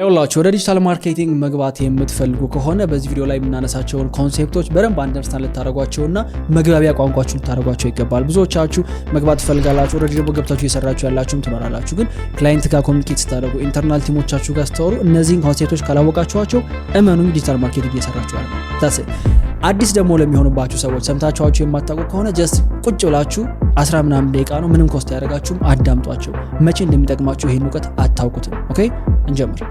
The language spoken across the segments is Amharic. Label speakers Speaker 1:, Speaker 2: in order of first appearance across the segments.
Speaker 1: ይኸውላችሁ ወደ ዲጂታል ማርኬቲንግ መግባት የምትፈልጉ ከሆነ በዚህ ቪዲዮ ላይ የምናነሳቸውን ኮንሴፕቶች በደንብ ልታደረጓቸው ልታደረጓቸውና መግባቢያ ቋንቋችሁ ልታደረጓቸው ይገባል። ብዙዎቻችሁ መግባት ትፈልጋላችሁ፣ ወደ ደግሞ ገብታችሁ እየሰራችሁ ያላችሁም ትኖራላችሁ። ግን ክላይንት ጋር ኮሚኒኬት ስታደረጉ፣ ኢንተርናል ቲሞቻችሁ ጋር ስታወሩ እነዚህን ኮንሴፕቶች ካላወቃችኋቸው እመኑ ዲጂታል ማርኬቲንግ እየሰራችሁ ታስ አዲስ ደግሞ ለሚሆኑባችሁ ሰዎች ሰምታችኋቸው የማታውቁ ከሆነ ጀስት ቁጭ ብላችሁ አስራ ምናምን ደቂቃ ነው፣ ምንም ኮስት ያደረጋችሁም አዳምጧቸው። መቼ እንደሚጠቅማችሁ ይህን እውቀት አታውቁትም። ኦኬ እንጀምር።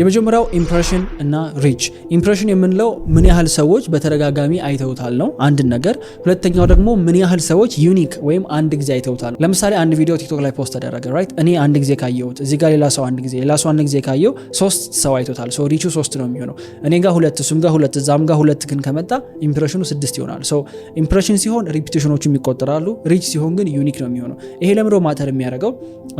Speaker 1: የመጀመሪያው ኢምፕሬሽን እና ሪች። ኢምፕሬሽን የምንለው ምን ያህል ሰዎች በተደጋጋሚ አይተውታል ነው አንድን ነገር። ሁለተኛው ደግሞ ምን ያህል ሰዎች ዩኒክ ወይም አንድ ጊዜ አይተውታል። ለምሳሌ አንድ ቪዲዮ ቲክቶክ ላይ ፖስት ተደረገ ራይት። እኔ አንድ ጊዜ ካየሁት እዚህ ጋር ሌላ ሰው አንድ ጊዜ፣ ሌላ ሰው አንድ ጊዜ ካየው ሶስት ሰው አይተውታል። ሶ ሪቹ ሶስት ነው የሚሆነው። እኔ ጋር ሁለት፣ እሱም ጋር ሁለት፣ እዛም ጋር ሁለት ግን ከመጣ ኢምፕሬሽኑ ስድስት ይሆናል። ሶ ኢምፕሬሽን ሲሆን ሪፒቴሽኖቹም ይቆጠራሉ። ሪች ሲሆን ግን ዩኒክ ነው የሚሆነው። ይሄ ለምዶ ማተር የሚያደርገው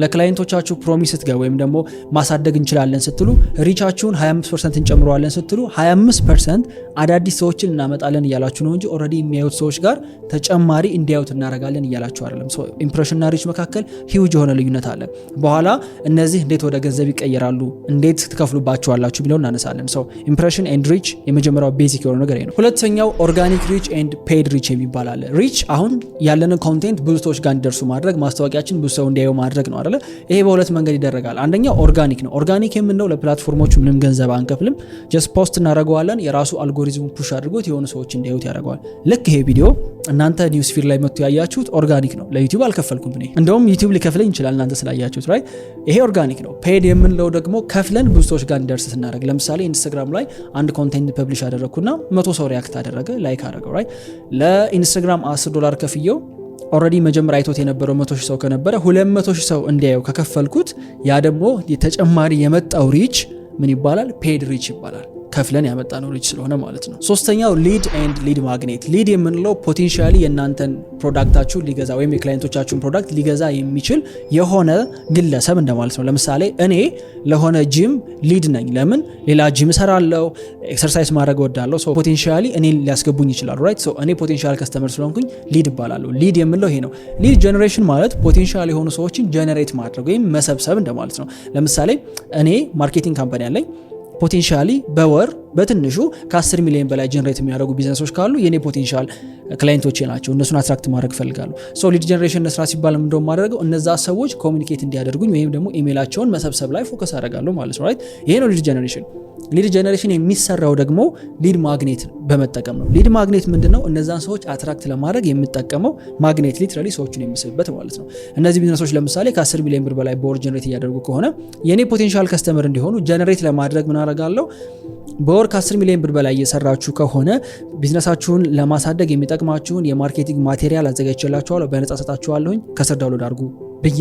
Speaker 1: ለክላይንቶቻችሁ ፕሮሚስ ስትገ ወይም ደግሞ ማሳደግ እንችላለን ስትሉ ሪቻችሁን 25 ፐርሰንት እንጨምረዋለን ስትሉ 25 ፐርሰንት አዳዲስ ሰዎችን እናመጣለን እያላችሁ ነው እንጂ ኦልሬዲ የሚያዩት ሰዎች ጋር ተጨማሪ እንዲያዩት እናደርጋለን እያላችሁ አይደለም። ኢምፕሬሽንና ሪች መካከል ሂውጅ የሆነ ልዩነት አለ። በኋላ እነዚህ እንዴት ወደ ገንዘብ ይቀየራሉ፣ እንዴት ትከፍሉባችኋላችሁ ብለው እናነሳለን። ሰው ኢምፕሬሽን ኤንድ ሪች የመጀመሪያው ቤዚክ የሆነ ነገር ነው። ሁለተኛው ኦርጋኒክ ሪች ኤንድ ፔድ ሪች የሚባል አለ። ሪች አሁን ያለንን ኮንቴንት ብዙ ሰዎች ጋር እንዲደርሱ ማድረግ፣ ማስታወቂያችን ብዙ ሰው እንዲያዩ ማድረግ ነው አይደለ? ይሄ በሁለት መንገድ ይደረጋል። አንደኛው ኦርጋኒክ ነው። ኦርጋኒክ የምንለው ለፕላትፎ ፕላትፎርሞች ምንም ገንዘብ አንከፍልም። ጀስት ፖስት እናደርገዋለን። የራሱ አልጎሪዝም ፑሽ አድርጎት የሆኑ ሰዎች እንዲያዩት ያደረገዋል ልክ ይሄ ቪዲዮ እናንተ ኒውስፊር ላይ መጥቶ ያያችሁት ኦርጋኒክ ነው። ለዩቲዩብ አልከፈልኩም እኔ። እንደውም ዩቲዩብ ሊከፍለኝ ይችላል እናንተ ስላያችሁት ራይት። ይሄ ኦርጋኒክ ነው። ፔድ የምንለው ደግሞ ከፍለን ብዙ ሰዎች ጋር እንደርስ ስናደረግ ለምሳሌ ኢንስታግራም ላይ አንድ ኮንቴንት ፐብሊሽ አደረግኩና መቶ ሰው ሪያክት አደረገ፣ ላይክ አደረገው ራይ ለኢንስታግራም 10 ዶላር ከፍየው ኦልሬዲ መጀመሪያ አይቶት የነበረው መቶ ሰው ከነበረ ሁለት መቶ ሰው እንዲያየው ከከፈልኩት ያ ደግሞ ተጨማሪ የመጣው ሪች ምን ይባላል? ፔድሪች ይባላል። ከፍለን ያመጣ ልጅ ስለሆነ ማለት ነው። ሶስተኛው ሊድ ኤንድ ሊድ ማግኔት። ሊድ የምንለው ፖቴንሻሊ የእናንተን ፕሮዳክታችሁን ሊገዛ ወይም የክላይንቶቻችሁን ፕሮዳክት ሊገዛ የሚችል የሆነ ግለሰብ እንደማለት ነው። ለምሳሌ እኔ ለሆነ ጂም ሊድ ነኝ። ለምን ሌላ ጂም እሰራለው፣ ኤክሰርሳይዝ ማድረግ ወዳለው፣ ሶ ፖቴንሻሊ እኔ ሊያስገቡኝ ይችላሉ። ራይት ሶ እኔ ፖቴንሻል ከስተመር ስለሆንኩኝ ሊድ እባላለሁ። ሊድ የምንለው ይሄ ነው። ሊድ ጀኔሬሽን ማለት ፖቴንሻል የሆኑ ሰዎችን ጀኔሬት ማድረግ ወይም መሰብሰብ እንደማለት ነው። ለምሳሌ እኔ ማርኬቲንግ ካምፓኒ አለኝ ፖቴንሻሊ በወር በትንሹ ከ10 ሚሊዮን በላይ ጀነሬት የሚያደርጉ ቢዝነሶች ካሉ የኔ ፖቴንሻል ክላይንቶቼ ናቸው። እነሱን አትራክት ማድረግ ፈልጋሉ። ሶሊድ ሊድ ጀነሬሽን ስራ ሲባል እንደው ማድረገው እነዛ ሰዎች ኮሚኒኬት እንዲያደርጉኝ ወይም ደግሞ ኢሜላቸውን መሰብሰብ ላይ ፎከስ አደርጋለሁ ማለት ነው። ይሄ ነው ሊድ ጀነሬሽን። ሊድ ጀነሬሽን የሚሰራው ደግሞ ሊድ ማግኔት በመጠቀም ነው። ሊድ ማግኔት ምንድነው እነዛን ሰዎች አትራክት ለማድረግ የምጠቀመው ማግኔት ሊትራሊ ሰዎችን የሚስብበት ማለት ነው። እነዚህ ቢዝነሶች ለምሳሌ ከ10 ሚሊዮን ብር በላይ በወር ጀነሬት እያደረጉ ከሆነ የኔ ፖቴንሻል ከስተመር እንዲሆኑ ጀነሬት ለማድረግ ምን አደርጋለሁ በወር ከ10 ሚሊዮን ብር በላይ እየሰራችሁ ከሆነ ቢዝነሳችሁን ለማሳደግ የሚጠቅማችሁን የማርኬቲንግ ማቴሪያል አዘጋጅቼላችኋለሁ፣ በነፃ ሰጣችኋለሁኝ። ከስር ዳውሎድ አድርጉ ብዬ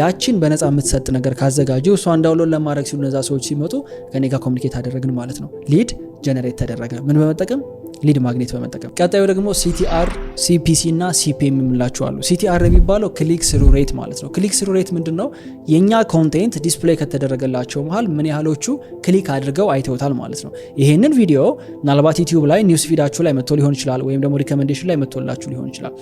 Speaker 1: ያችን በነፃ የምትሰጥ ነገር ካዘጋጀ እሷን ዳውሎድ ለማድረግ ሲሉ እነዛ ሰዎች ሲመጡ ከኔ ጋር ኮሚኒኬት አደረግን ማለት ነው። ሊድ ጀነሬት ተደረገ ምን በመጠቀም ሊድ ማግኔት በመጠቀም ቀጣዩ ደግሞ ሲቲአር፣ ሲፒሲ እና ሲፒኤም የምንላቸው ሲቲአር የሚባለው ክሊክ ስሩ ሬት ማለት ነው። ክሊክ ስሩ ሬት ምንድን ነው? የእኛ ኮንቴንት ዲስፕሌይ ከተደረገላቸው መሀል ምን ያህሎቹ ክሊክ አድርገው አይተውታል ማለት ነው። ይሄንን ቪዲዮ ምናልባት ዩቲዩብ ላይ ኒውስ ፊዳችሁ ላይ መጥቶ ሊሆን ይችላል፣ ወይም ደግሞ ሪኮመንዴሽን ላይ መጥቶላችሁ ሊሆን ይችላል።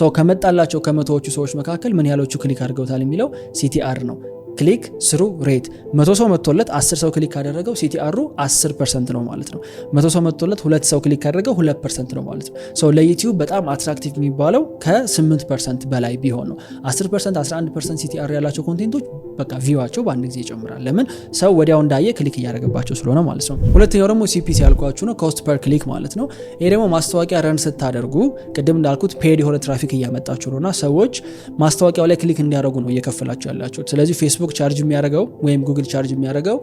Speaker 1: ሰው ከመጣላቸው ከመቶዎቹ ሰዎች መካከል ምን ያህሎቹ ክሊክ አድርገውታል የሚለው ሲቲአር ነው። ክሊክ ስሩ ሬት መቶ ሰው መጥቶለት አስር ሰው ክሊክ ካደረገው ሲቲአሩ 10 ፐርሰንት ነው ማለት ነው። መቶ ሰው መጥቶለት ሁለት ሰው ክሊክ ካደረገው ሁለት ፐርሰንት ነው ማለት ነው። ሰው ለዩቲዩብ በጣም አትራክቲቭ የሚባለው ከ8 ፐርሰንት በላይ ቢሆን ነው። 10 ፐርሰንት፣ 11 ፐርሰንት ሲቲአር ያላቸው ኮንቴንቶች በቃ ቪዋቸው በአንድ ጊዜ ይጨምራል። ለምን ሰው ወዲያው እንዳየ ክሊክ እያደረገባቸው ስለሆነ ማለት ነው። ሁለተኛው ደግሞ ሲፒሲ ያልኳችሁ ነው፣ ኮስት ፐር ክሊክ ማለት ነው። ይሄ ደግሞ ማስታወቂያ ረን ስታደርጉ ቅድም እንዳልኩት ፔድ የሆነ ትራፊክ እያመጣችሁ ነው ሰዎች ማስታወቂያው ላይ ክሊክ እንዲያደርጉ ነው እየከፈላቸው ያላቸው። ስለዚህ ፌስቡክ ቻርጅ የሚያደርገው ወይም ጉግል ቻርጅ የሚያደርገው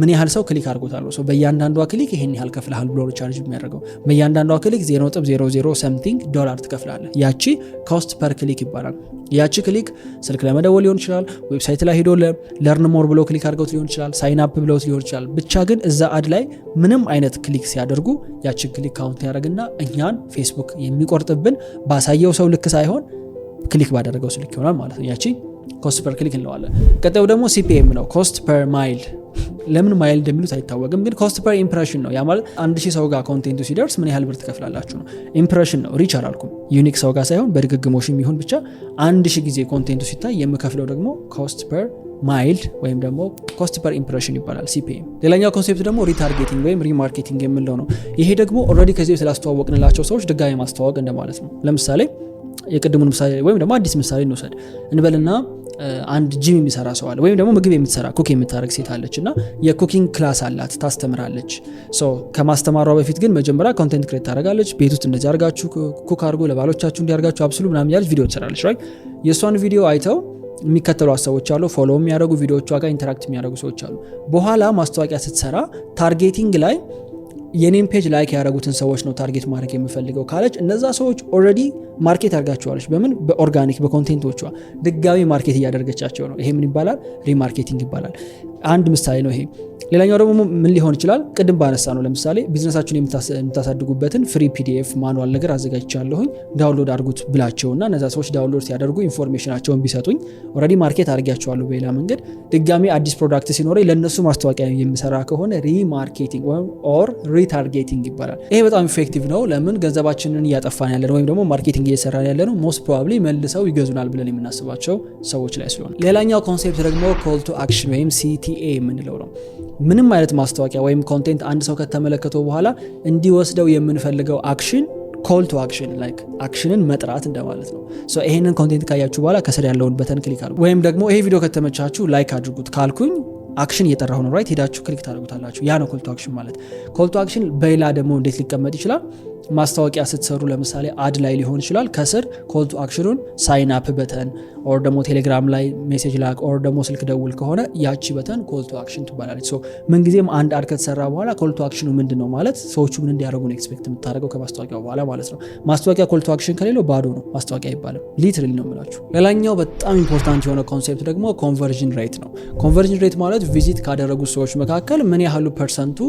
Speaker 1: ምን ያህል ሰው ክሊክ አድርጎታል። ሰው በእያንዳንዷ ክሊክ ይሄን ያህል ከፍልሃል ብሎ ቻርጅ የሚያደርገው በእያንዳንዷ ክሊክ 0.00 ሰምቲንግ ዶላር ትከፍላለ። ያቺ ኮስት ፐር ክሊክ ይባላል። ያቺ ክሊክ ስልክ ለመደወል ሊሆን ይችላል፣ ዌብሳይት ላይ ሄዶ ለርን ሞር ብለው ክሊክ አድርገውት ሊሆን ይችላል፣ ሳይን አፕ ብለውት ሊሆን ይችላል። ብቻ ግን እዛ አድ ላይ ምንም አይነት ክሊክ ሲያደርጉ ያቺ ክሊክ ካውንት ያደረግና እኛን ፌስቡክ የሚቆርጥብን ባሳየው ሰው ልክ ሳይሆን ክሊክ ባደረገው ስልክ ይሆናል ማለት ነው። ያቺ ኮስት ፐር ክሊክ እንለዋለን። ቀጠው ደግሞ ሲፒኤም ነው፣ ኮስት ፐር ማይል ለምን ማይል እንደሚሉት አይታወቅም፣ ግን ኮስት ፐር ኢምፕሬሽን ነው። ያ ማለት አንድ ሺህ ሰው ጋር ኮንቴንቱ ሲደርስ ምን ያህል ብር ትከፍላላችሁ ነው። ኢምፕሬሽን ነው፣ ሪች አላልኩም። ዩኒክ ሰው ጋር ሳይሆን በድግግሞሽ የሚሆን ብቻ አንድ ሺህ ጊዜ ኮንቴንቱ ሲታይ የምከፍለው ደግሞ ኮስት ፐር ወይም ደግሞ ኮስት ፐር ኢምፕሬሽን ይባላል ሲፒኤም። ሌላኛው ኮንሴፕት ደግሞ ሪታርጌቲንግ ወይም ሪማርኬቲንግ የምንለው ነው። ይሄ ደግሞ ኦረዲ ከዚህ ስላስተዋወቅንላቸው ሰዎች ድጋሚ ማስተዋወቅ እንደማለት ነው። ለምሳሌ የቅድሙን ምሳሌ ወይም ደግሞ አዲስ ምሳሌ እንውሰድ እንበልና አንድ ጂም የሚሰራ ሰው አለ፣ ወይም ደግሞ ምግብ የምትሰራ ኩክ የምታደረግ ሴት አለች እና የኩኪንግ ክላስ አላት፣ ታስተምራለች። ከማስተማሯ በፊት ግን መጀመሪያ ኮንቴንት ክሬት ታደርጋለች። ቤት ውስጥ እንደዚህ አርጋችሁ ኩክ አድርጎ ለባሎቻችሁ እንዲያርጋችሁ አብስሉ ምናምን ያለች ቪዲዮ ትሰራለች። የእሷን ቪዲዮ አይተው የሚከተሉ ሰዎች አሉ፣ ፎሎ የሚያደርጉ ቪዲዮዎቿ ጋር ኢንተራክት የሚያደርጉ ሰዎች አሉ። በኋላ ማስታወቂያ ስትሰራ ታርጌቲንግ ላይ የኔም ፔጅ ላይክ ያደረጉትን ሰዎች ነው ታርጌት ማድረግ የምፈልገው ካለች እነዛ ሰዎች ኦረዲ ማርኬት አድርጋቸዋለች። በምን በኦርጋኒክ በኮንቴንቶቿ ድጋሚ ማርኬት እያደረገቻቸው ነው። ይሄ ምን ይባላል? ሪማርኬቲንግ ይባላል። አንድ ምሳሌ ነው ይሄ። ሌላኛው ደግሞ ምን ሊሆን ይችላል? ቅድም ባነሳ ነው። ለምሳሌ ቢዝነሳችሁን የምታሳድጉበትን ፍሪ ፒዲኤፍ ማኑዋል ነገር አዘጋጅቻለሁኝ ዳውንሎድ አድርጉት ብላቸውና እነዛ ሰዎች ዳውንሎድ ሲያደርጉ ኢንፎርሜሽናቸውን ቢሰጡኝ ኦልሬዲ ማርኬት አድርጊያቸዋለሁ። በሌላ መንገድ ድጋሚ አዲስ ፕሮዳክት ሲኖረ ለእነሱ ማስታወቂያ የምሰራ ከሆነ ሪማርኬቲንግ ኦር ሪታርጌቲንግ ይባላል። ይሄ በጣም ኢፌክቲቭ ነው። ለምን ገንዘባችንን እያጠፋን ያለን ወይም ደግሞ ማርኬቲንግ እየሰራን ያለነው ሞስት ፕሮባብሊ መልሰው ይገዙናል ብለን የምናስባቸው ሰዎች ላይ ስለሆነ። ሌላኛው ኮንሴፕት ደግሞ ኮል ቱ አክሽን ወይም ሲቲ ቲኤ የምንለው ነው። ምንም አይነት ማስታወቂያ ወይም ኮንቴንት አንድ ሰው ከተመለከተው በኋላ እንዲወስደው የምንፈልገው አክሽን ኮል ቱ አክሽን ላይክ አክሽንን መጥራት እንደማለት ነው። ይሄንን ኮንቴንት ካያችሁ በኋላ ከስር ያለውን በተን ክሊክ አሉ ወይም ደግሞ ይሄ ቪዲዮ ከተመቻችሁ ላይክ አድርጉት ካልኩኝ አክሽን እየጠራሁ ነው ራይት ሄዳችሁ ክሊክ ታደርጉታላችሁ። ያ ነው ኮል ቱ አክሽን ማለት። ኮል ቱ አክሽን በሌላ ደግሞ እንዴት ሊቀመጥ ይችላል? ማስታወቂያ ስትሰሩ ለምሳሌ አድ ላይ ሊሆን ይችላል። ከስር ኮልቱ አክሽኑን ሳይን አፕ በተን ኦር ደግሞ ቴሌግራም ላይ ሜሴጅ ላክ ኦር ደግሞ ስልክ ደውል ከሆነ ያቺ በተን ኮልቱ አክሽን ትባላለች። ምንጊዜም አንድ አድ ከተሰራ በኋላ ኮልቱ አክሽኑ ምንድን ነው ማለት ሰዎቹ ምን እንዲያደርጉ ነው ኤክስፔክት የምታደርገው ከማስታወቂያው በኋላ ማለት ነው። ማስታወቂያ ኮልቱ አክሽን ከሌለው ባዶ ነው፣ ማስታወቂያ አይባልም። ሊትርሊ ነው ምላችሁ ሌላኛው በጣም ኢምፖርታንት የሆነ ኮንሴፕት ደግሞ ኮንቨርዥን ሬት ነው። ኮንቨርዥን ሬት ማለት ቪዚት ካደረጉት ሰዎች መካከል ምን ያህሉ ፐርሰንቱ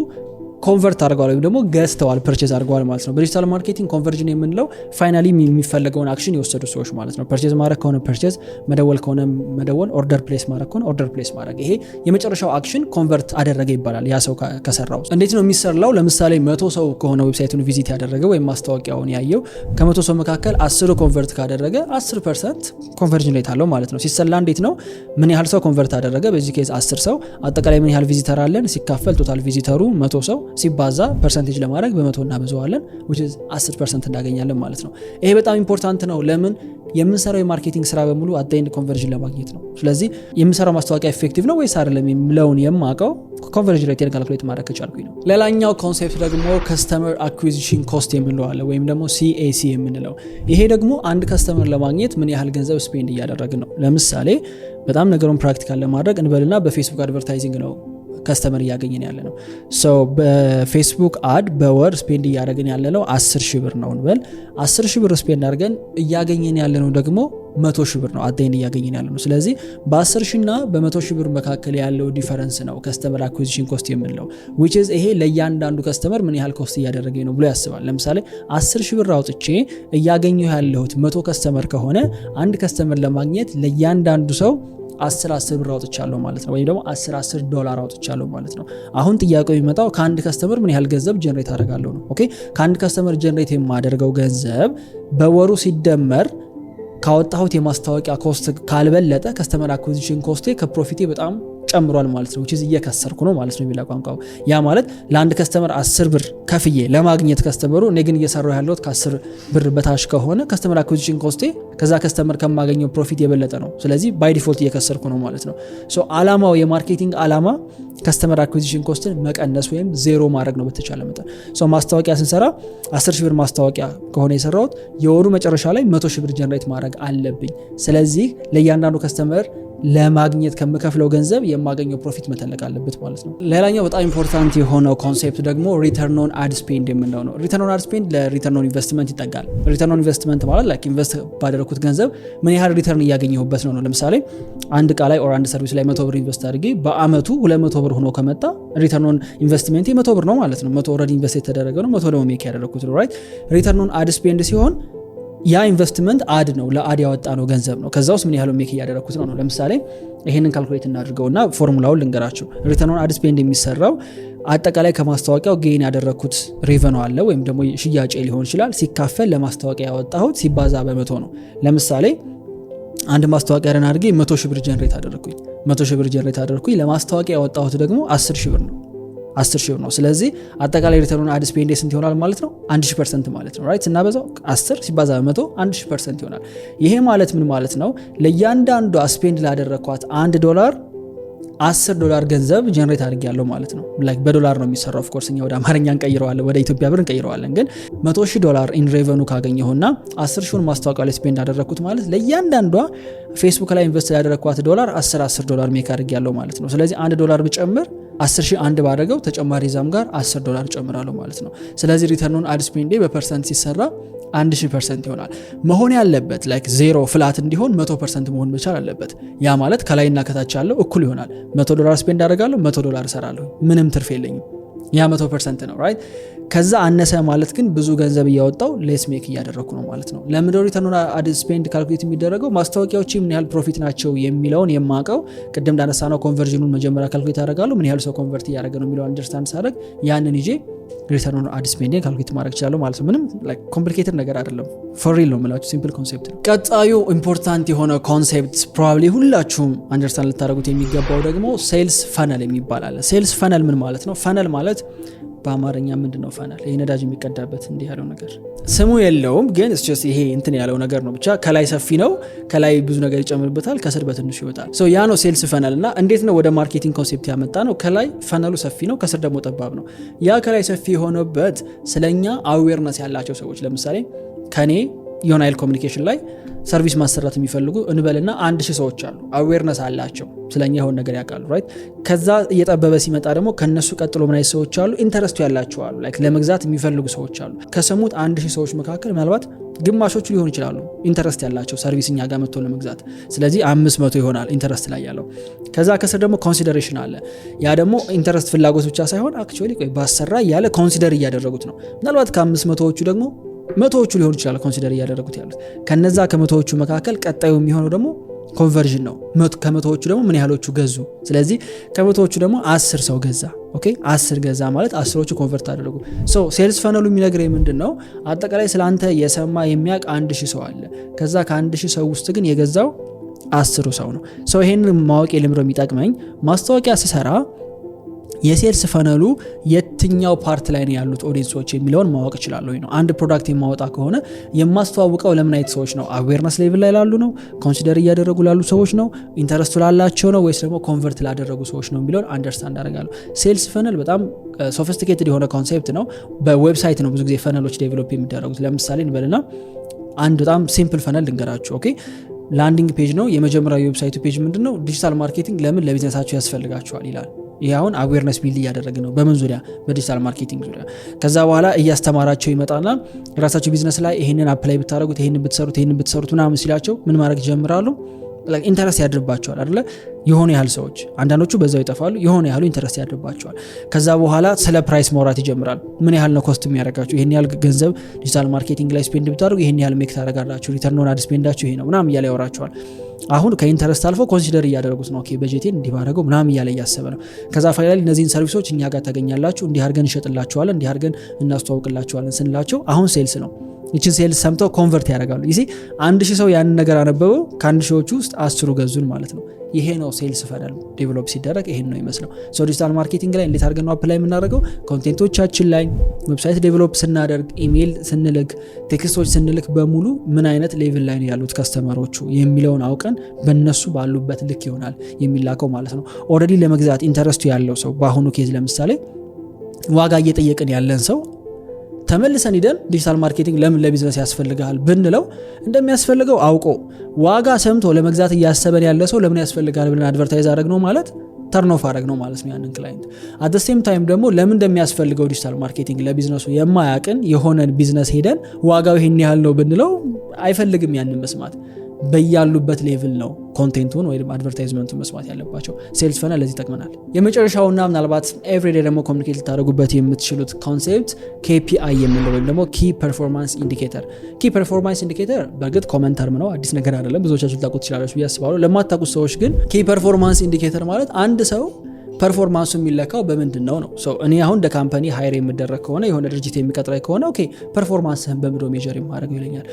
Speaker 1: ኮንቨርት አድርገዋል ወይም ደግሞ ገዝተዋል ፐርቼዝ አድርገዋል ማለት ነው። በዲጂታል ማርኬቲንግ ኮንቨርጅን የምንለው ፋይናሊ የሚፈለገውን አክሽን የወሰዱ ሰዎች ማለት ነው። ፐርቼዝ ማድረግ ከሆነ ፐርቼዝ፣ መደወል ከሆነ መደወል፣ ኦርደር ፕሌስ ማድረግ ከሆነ ኦርደር ፕሌስ ማድረግ፣ ይሄ የመጨረሻው አክሽን ኮንቨርት አደረገ ይባላል። ያ ሰው ከሰራው እንዴት ነው የሚሰራው? ለምሳሌ መቶ ሰው ከሆነ ዌብሳይቱን ቪዚት ያደረገ ወይም ማስታወቂያውን ያየው ከመቶ ሰው መካከል አስሩ ኮንቨርት ካደረገ አስር ፐርሰንት ኮንቨርጅን ሬት አለው ማለት ነው። ሲሰላ እንዴት ነው? ምን ያህል ሰው ኮንቨርት አደረገ? በዚህ ኬዝ አስር ሰው አጠቃላይ ምን ያህል ቪዚተር አለን ሲካፈል ቶታል ቪዚተሩ መቶ ሰው ሲባዛ ፐርሰንቴጅ ለማድረግ በመቶ እናበዘዋለን አስር ፐርሰንት እናገኛለን ማለት ነው። ይሄ በጣም ኢምፖርታንት ነው። ለምን የምንሰራው የማርኬቲንግ ስራ በሙሉ አዳይን ኮንቨርዥን ለማግኘት ነው። ስለዚህ የምንሰራው ማስታወቂያ ኤፌክቲቭ ነው ወይስ አይደለም የምለውን የማቀው ኮንቨርዥን ሬት ካልኩሌት ማድረግ ከቻልኩኝ ነው። ሌላኛው ኮንሴፕት ደግሞ ከስተመር አኩዚሽን ኮስት የምንለዋለ ወይም ደግሞ ሲኤሲ የምንለው ይሄ ደግሞ አንድ ከስተመር ለማግኘት ምን ያህል ገንዘብ ስፔንድ እያደረግን ነው። ለምሳሌ በጣም ነገሩን ፕራክቲካል ለማድረግ እንበልና በፌስቡክ አድቨርታይዚንግ ነው ከስተመር እያገኘን ያለ ነው። በፌስቡክ አድ በወር ስፔንድ እያደረግን ያለ ነው አስር ሺ ብር ነው እንበል። አስር ሺህ ብር ስፔንድ አድርገን እያገኘን ያለ ነው ደግሞ መቶ ሺህ ብር ነው አዳይን እያገኘን ያለ ነው። ስለዚህ በአስር ሺና በመቶ ሺ ብር መካከል ያለው ዲፈረንስ ነው ከስተመር አኩዚሽን ኮስት የምንለው ዊች ኢዝ ይሄ ለእያንዳንዱ ከስተመር ምን ያህል ኮስት እያደረገኝ ነው ብሎ ያስባል። ለምሳሌ አስር ሺህ ብር አውጥቼ እያገኘሁ ያለሁት መቶ ከስተመር ከሆነ አንድ ከስተመር ለማግኘት ለእያንዳንዱ ሰው 10 10 ብር አውጥቻለሁ ማለት ነው፣ ወይም ደግሞ 10 10 ዶላር አውጥቻለሁ ማለት ነው። አሁን ጥያቄው የሚመጣው ከአንድ ከስተመር ምን ያህል ገንዘብ ጀነሬት አደርጋለሁ ነው። ኦኬ ከአንድ ከስተመር ጀነሬት የማደርገው ገንዘብ በወሩ ሲደመር ካወጣሁት የማስታወቂያ ኮስት ካልበለጠ ከስተመር አኩዚሽን ኮስቴ ከፕሮፊቴ በጣም ጨምሯል ማለት ነው። እየከሰርኩ ነው ማለት ነው የሚላ ቋንቋ። ያ ማለት ለአንድ ከስተመር አስር ብር ከፍዬ ለማግኘት ከስተመሩ፣ እኔ ግን እየሰራው ያለሁት ከአስር ብር በታች ከሆነ ከስተመር አኩዚሽን ኮስቴ ከዛ ከስተመር ከማገኘው ፕሮፊት የበለጠ ነው። ስለዚህ ባይ ዲፎልት እየከሰርኩ ነው ማለት ነው። አላማው የማርኬቲንግ አላማ ከስተመር አኩዚሽን ኮስትን መቀነስ ወይም ዜሮ ማድረግ ነው በተቻለ መጠን። ማስታወቂያ ስንሰራ 10 ብር ማስታወቂያ ከሆነ የሰራሁት የወሩ መጨረሻ ላይ 100 ሺህ ብር ጀነሬት ማድረግ አለብኝ። ስለዚህ ለእያንዳንዱ ከስተመር ለማግኘት ከምከፍለው ገንዘብ የማገኘው ፕሮፊት መተለቅ አለበት ማለት ነው። ሌላኛው በጣም ኢምፖርታንት የሆነው ኮንሴፕት ደግሞ ሪተርን ኦን አድ ስፔንድ የምንለው ነው። ሪተርን ኦን አድ ስፔንድ ለሪተርን ኦን ኢንቨስትመንት ይጠጋል። ሪተርን ኦን ኢንቨስትመንት ማለት ላይክ ኢንቨስት ባደረግኩት ገንዘብ ምን ያህል ሪተርን እያገኘሁበት ነው ነው። ለምሳሌ አንድ እቃ ላይ ኦር አንድ ሰርቪስ ላይ መቶ ብር ኢንቨስት አድርጌ በአመቱ ሁለት መቶ ብር ሆኖ ከመጣ ሪተርን ኦን ኢንቨስትመንቴ መቶ ብር ነው ማለት ነው። መቶ ኦልሬዲ ኢንቨስት የተደረገ ነው፣ መቶ ደግሞ ሜክ ያደረግኩት ነው። ራይት ሪተርን ኦን አድ ስፔንድ ሲሆን ያ ኢንቨስትመንት አድ ነው፣ ለአድ ያወጣ ነው ገንዘብ ነው። ከዛ ውስጥ ምን ያህል ሜክ እያደረግኩት ነው ነው። ለምሳሌ ይህንን ካልኩሌት እና ፎርሙላውን ልንገራችሁ። ሪተርን አድ ስፔንድ የሚሰራው አጠቃላይ ከማስታወቂያው ጌን ያደረግኩት ሬቨኑ አለ ወይም ደግሞ ሽያጭ ሊሆን ይችላል ሲካፈል ለማስታወቂያ ያወጣሁት ሲባዛ በመቶ ነው። ለምሳሌ አንድ ማስታወቂያ ረን አድርጌ መቶ ሺህ ብር ጀንሬት አደረግኩኝ። መቶ ብር ጀንሬት አደረግኩኝ። ለማስታወቂያ ያወጣሁት ደግሞ አስር ሺህ ብር ነው። 10 ሺህ ነው። ስለዚህ አጠቃላይ ሪተርን አድ ስፔንድ ስንት ይሆናል ማለት ነው? 1 ፐርሰንት ማለት ነው ራይት። ስናበዛው 10 ሲባዛ በመቶ 1000 ፐርሰንት ይሆናል። ይሄ ማለት ምን ማለት ነው? ለእያንዳንዷ ስፔንድ ላደረግኳት አንድ ዶላር አስር ዶላር ገንዘብ ጀነሬት አድርግ ያለው ማለት ነው። ላይክ በዶላር ነው የሚሰራው። ኦፍኮርስ እኛ ወደ አማርኛ እንቀይረዋለን፣ ወደ ኢትዮጵያ ብር እንቀይረዋለን። ግን መቶ ሺህ ዶላር ኢን ሬቨኑ ካገኘሁና አስር ሺውን ማስታወቂያ ላይ ስፔንድ አደረግኩት ማለት ለእያንዳንዷ ፌስቡክ ላይ ኢንቨስት ያደረግኳት ዶላር አስር አስር ዶላር ሜክ አድርግ ያለው ማለት ነው። ስለዚህ አንድ ዶላር ብጨምር አስር ሺህ አንድ ባደረገው ተጨማሪ ዛም ጋር አስር ዶላር ጨምራለሁ ማለት ነው። ስለዚህ ሪተርኑን አድ ስፔንዴ በፐርሰንት ሲሰራ አንድ ሺህ ፐርሰንት ይሆናል መሆን ያለበት ላይክ ዜሮ ፍላት እንዲሆን መቶ ፐርሰንት መሆን መቻል አለበት። ያ ማለት ከላይና ከታች ያለው እኩል ይሆናል። መቶ ዶላር ስፔንድ አደርጋለሁ፣ መቶ ዶላር እሰራለሁ፣ ምንም ትርፍ የለኝም። ያ መቶ ፐርሰንት ነው ራይት ከዛ አነሰ ማለት ግን ብዙ ገንዘብ እያወጣው ሌስ ሜክ እያደረግኩ ነው ማለት ነው። ለምንድነው ሪተርን አድ ስፔንድ ካልኩሌት የሚደረገው? ማስታወቂያዎች ምን ያህል ፕሮፊት ናቸው የሚለውን የማውቀው ቅድም እንዳነሳ ነው። ኮንቨርዥኑን መጀመሪያ ካልኩሌት ያደርጋሉ። ምን ያህል ሰው ኮንቨርት እያደረገ ነው የሚለው አንደርስታንድ ሳደርግ ያንን ይዤ ሪተርን አድ ስፔንድን ካልኩሌት ማድረግ ይችላሉ ማለት ነው። ምንም ኮምፕሊኬትድ ነገር አይደለም። ፎሪል ነው የምላችሁ፣ ሲምፕል ኮንሴፕት ነው። ቀጣዩ ኢምፖርታንት የሆነ ኮንሴፕት ፕሮባብሊ ሁላችሁም አንደርስታንድ ልታደረጉት የሚገባው ደግሞ ሴልስ ፈነል የሚባል አለ። ሴልስ ፈነል ምን ማለት ነው? ፈነል ማለት በአማርኛ ምንድን ነው ፋናል ይሄ ነዳጅ የሚቀዳበት እንዲህ ያለው ነገር ስሙ የለውም፣ ግን ይሄ እንትን ያለው ነገር ነው። ብቻ ከላይ ሰፊ ነው፣ ከላይ ብዙ ነገር ይጨምርበታል፣ ከስር በትንሹ ይወጣል። ያ ነው ሴልስ ፈነል። እና እንዴት ነው ወደ ማርኬቲንግ ኮንሴፕት ያመጣ ነው? ከላይ ፈነሉ ሰፊ ነው፣ ከስር ደግሞ ጠባብ ነው። ያ ከላይ ሰፊ የሆነበት ስለኛ አዌርነስ ያላቸው ሰዎች ለምሳሌ ከኔ የሆነ አይል ኮሚኒኬሽን ላይ ሰርቪስ ማሰራት የሚፈልጉ እንበልና አንድ ሺህ ሰዎች አሉ። አዌርነስ አላቸው፣ ስለኛ የሆነ ነገር ያውቃሉ። ራይት ከዛ እየጠበበ ሲመጣ ደግሞ ከነሱ ቀጥሎ ምን አይነት ሰዎች አሉ? ኢንተረስቱ ያላቸው አሉ፣ ላይክ ለመግዛት የሚፈልጉ ሰዎች አሉ። ከሰሙት አንድ ሺህ ሰዎች መካከል ምናልባት ግማሾቹ ሊሆኑ ይችላሉ ኢንተረስት ያላቸው ሰርቪስ እኛ ጋር መጥቶ ለመግዛት። ስለዚህ አምስት መቶ ይሆናል ኢንተረስት ላይ ያለው። ከዛ ከስር ደግሞ ኮንሲደሬሽን አለ። ያ ደግሞ ኢንተረስት ፍላጎት ብቻ ሳይሆን አክቹዋሊ ባሰራ እያለ ኮንሲደር እያደረጉት ነው። ምናልባት ከአምስት መቶዎቹ ደግሞ መቶዎቹ ሊሆኑ ይችላል ኮንሲደር እያደረጉት ያሉት። ከነዛ ከመቶዎቹ መካከል ቀጣዩ የሚሆነው ደግሞ ኮንቨርዥን ነው። ከመቶዎቹ ደግሞ ምን ያህሎቹ ገዙ? ስለዚህ ከመቶዎቹ ደግሞ አስር ሰው ገዛ። አስር ገዛ ማለት አስሮቹ ኮንቨርት አደረጉ። ሴልስ ፈነሉ የሚነግር ምንድን ነው? አጠቃላይ ስለአንተ የሰማ የሚያቅ አንድ ሺህ ሰው አለ። ከዛ ከአንድ ሺህ ሰው ውስጥ ግን የገዛው አስሩ ሰው ነው። ሰው ይሄንን ማወቅ የልምረው የሚጠቅመኝ ማስታወቂያ ስሰራ የሴልስ ፈነሉ የትኛው ፓርት ላይ ነው ያሉት ኦዲየንሶች የሚለውን ማወቅ እችላለሁ ነው። አንድ ፕሮዳክት የማወጣ ከሆነ የማስተዋውቀው ለምን አይነት ሰዎች ነው? አዌርነስ ሌቭል ላይ ላሉ ነው? ኮንሲደር እያደረጉ ላሉ ሰዎች ነው? ኢንተረስቱ ላላቸው ነው? ወይስ ደግሞ ኮንቨርት ላደረጉ ሰዎች ነው የሚለውን አንደርስታንድ አደርጋለሁ። ሴልስ ፈነል በጣም ሶፊስቲኬትድ የሆነ ኮንሴፕት ነው። በዌብሳይት ነው ብዙ ጊዜ ፈነሎች ዴቨሎፕ የሚደረጉት። ለምሳሌ እንበልና አንድ በጣም ሲምፕል ፈነል ልንገራችሁ። ኦኬ ላንዲንግ ፔጅ ነው። የመጀመሪያ የዌብሳይቱ ፔጅ ምንድነው ዲጂታል ማርኬቲንግ ለምን ለቢዝነሳቸው ያስፈልጋቸዋል ይላል። ይህ አሁን አዌርነስ ቢል እያደረግ ነው። በምን ዙሪያ? በዲጂታል ማርኬቲንግ ዙሪያ። ከዛ በኋላ እያስተማራቸው ይመጣና የራሳቸው ቢዝነስ ላይ ይህንን አፕላይ ብታደረጉት፣ ይህንን ብትሰሩት፣ ይህንን ብትሰሩት ምናምን ሲላቸው ምን ማድረግ ይጀምራሉ? ኢንተረስት ያድርባቸዋል አለ የሆኑ ያህል ሰዎች አንዳንዶቹ በዛው ይጠፋሉ። የሆኑ ያህሉ ኢንተረስት ያድርባቸዋል። ከዛ በኋላ ስለ ፕራይስ መውራት ይጀምራል። ምን ያህል ነው ኮስት የሚያደረጋቸው ይህን ያህል ገንዘብ ዲጂታል ማርኬቲንግ ላይ ስፔንድ ብታደርጉ ይህን ያህል ሜክ ታደርጋላችሁ። ሪተርን ኦን አድ ይሄ ነው ምናም እያለ ያወራቸዋል። አሁን ከኢንተረስት አልፎ ኮንሲደር እያደረጉት ነው። በጀቴን እንዲባረገው ምናም ምናምን እያለ እያሰበ ነው። ከዛ ፋይናል እነዚህን ሰርቪሶች እኛ ጋር ታገኛላችሁ፣ እንዲህ አድርገን እንሸጥላችኋለን፣ እንዲህ እናስተዋውቅላችኋለን ስንላቸው አሁን ሴልስ ነው። ይችን ሴልስ ሰምተው ኮንቨርት ያደርጋሉ። ይህ አንድ ሺህ ሰው ያንን ነገር አነበበው፣ ከአንድ ሺዎቹ ውስጥ አስሩ ገዙን ማለት ነው። ይሄ ነው ሴልስ ፈነል ዴቨሎፕ ሲደረግ ይሄን ነው ይመስለው። ሰው ዲጂታል ማርኬቲንግ ላይ እንዴት አድርገን ነው አፕላይ የምናደርገው? ኮንቴንቶቻችን ላይ ዌብሳይት ዴቨሎፕ ስናደርግ፣ ኢሜይል ስንልክ፣ ቴክስቶች ስንልክ በሙሉ ምን አይነት ሌቭል ላይ ነው ያሉት ከስተመሮቹ የሚለውን አውቀን በነሱ ባሉበት ልክ ይሆናል የሚላከው ማለት ነው። ኦረዲ ለመግዛት ኢንተረስቱ ያለው ሰው በአሁኑ ኬዝ ለምሳሌ ዋጋ እየጠየቅን ያለን ሰው ተመልሰን ሂደን ዲጂታል ማርኬቲንግ ለምን ለቢዝነስ ያስፈልጋል ብንለው እንደሚያስፈልገው አውቆ ዋጋ ሰምቶ ለመግዛት እያሰበን ያለ ሰው ለምን ያስፈልጋል ብለን አድቨርታይዝ አድረግ ነው ማለት ተርኖፍ አድረግ ነው ማለት ነው ያንን ክላይንት። አት ታይም ደግሞ ለምን እንደሚያስፈልገው ዲጂታል ማርኬቲንግ ለቢዝነሱ የማያቅን የሆነን ቢዝነስ ሄደን ዋጋው ይሄን ያህል ነው ብንለው አይፈልግም ያንን መስማት። በያሉበት ሌቭል ነው ኮንቴንቱን ወይም አድቨርታይዝመንቱን መስማት ያለባቸው። ሴልስ ፈነል ለዚህ ይጠቅመናል። የመጨረሻውና ምናልባት ኤቭሪዴ ደግሞ ኮሚኒኬት ልታደርጉበት የምትችሉት ኮንሴፕት ኬፒአይ የምንለው ወይም ደግሞ ኪ ፐርፎርማንስ ኢንዲኬተር። ኪ ፐርፎርማንስ ኢንዲኬተር በእርግጥ ኮመን ተርም ነው፣ አዲስ ነገር አይደለም። ብዙዎቻችሁ ልታውቁት ትችላለች ብዬ አስባሉ ለማታቁት ሰዎች ግን ኪ ፐርፎርማንስ ኢንዲኬተር ማለት አንድ ሰው ፐርፎርማንሱ የሚለካው በምንድን ነው ነው። እኔ አሁን እንደ ካምፓኒ ሀይር የምደረግ ከሆነ የሆነ ድርጅት የሚቀጥረኝ ከሆነ ፐርፎርማንስህን በምዶ ሜር የማድረገው ይለኛል።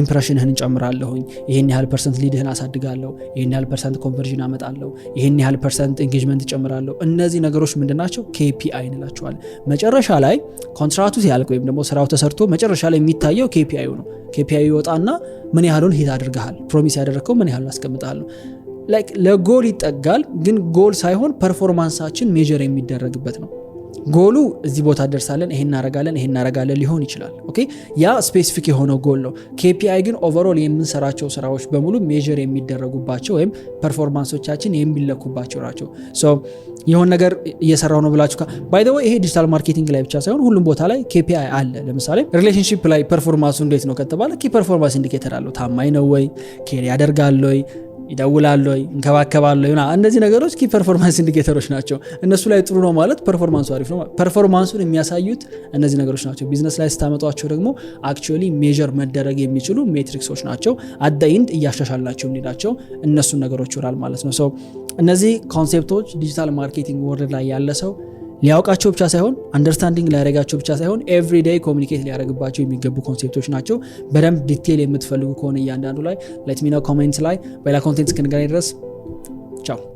Speaker 1: ኢምፕሬሽንህን እንጨምራለሁኝ፣ ይህን ያህል ፐርሰንት ሊድህን አሳድጋለሁ፣ ይህን ያህል ፐርሰንት ኮንቨርዥን አመጣለሁ፣ ይህን ያህል ፐርሰንት ኤንጌጅመንት እጨምራለሁ። እነዚህ ነገሮች ምንድን ናቸው? ኬፒአይ እንላቸዋል መጨረሻ ላይ ኮንትራቱ ሲያልቅ ወይም ደግሞ ስራው ተሰርቶ መጨረሻ ላይ የሚታየው ኬፒአዩ ነው። ኬፒአዩ ይወጣና ምን ያህሉን ሂት አድርገሃል፣ ፕሮሚስ ያደረግከው ምን ያህሉን አስቀምጣለሁ ላይክ ለጎል ይጠጋል፣ ግን ጎል ሳይሆን ፐርፎርማንሳችን ሜጀር የሚደረግበት ነው። ጎሉ እዚህ ቦታ ደርሳለን፣ ይሄ እናረጋለን፣ ይሄ እናረጋለን ሊሆን ይችላል። ኦኬ ያ ስፔሲፊክ የሆነ ጎል ነው። ኬፒአይ ግን ኦቨሮል የምንሰራቸው ስራዎች በሙሉ ሜጀር የሚደረጉባቸው ወይም ፐርፎርማንሶቻችን የሚለኩባቸው ናቸው። የሆን ነገር እየሰራው ነው ብላችሁ ባይ ይሄ ዲጂታል ማርኬቲንግ ላይ ብቻ ሳይሆን ሁሉም ቦታ ላይ ኬፒአይ አለ። ለምሳሌ ሪሌሽንሽፕ ላይ ፐርፎርማንሱ እንዴት ነው ከተባለ ኪ ፐርፎርማንስ ኢንዲኬተር አለው። ታማኝ ነው ወይ ኬር ወይ ይደውላሉ፣ ይንከባከባሉ ይሆና እነዚህ ነገሮች ኪ ፐርፎርማንስ ኢንዲኬተሮች ናቸው። እነሱ ላይ ጥሩ ነው ማለት ፐርፎርማንሱ አሪፍ ነው። ፐርፎርማንሱን የሚያሳዩት እነዚህ ነገሮች ናቸው። ቢዝነስ ላይ ስታመጧቸው ደግሞ አክቹዋሊ ሜዥር መደረግ የሚችሉ ሜትሪክሶች ናቸው። አዳይንድ እያሻሻላቸው እንሄዳቸው እነሱን ነገሮች ይሆናል ማለት ነው። እነዚህ ኮንሴፕቶች ዲጂታል ማርኬቲንግ ወርልድ ላይ ያለ ሰው ሊያውቃቸው ብቻ ሳይሆን አንደርስታንዲንግ ሊያደረጋቸው ብቻ ሳይሆን ኤቭሪ ኮሚኒኬት ሊያደረግባቸው የሚገቡ ኮንሴፕቶች ናቸው። በደንብ ዲቴል የምትፈልጉ ከሆነ እያንዳንዱ ላይ ሌትሚና ኮሜንት ላይ በሌላ ኮንቴንት እስክንገናኝ ድረስ ቻው።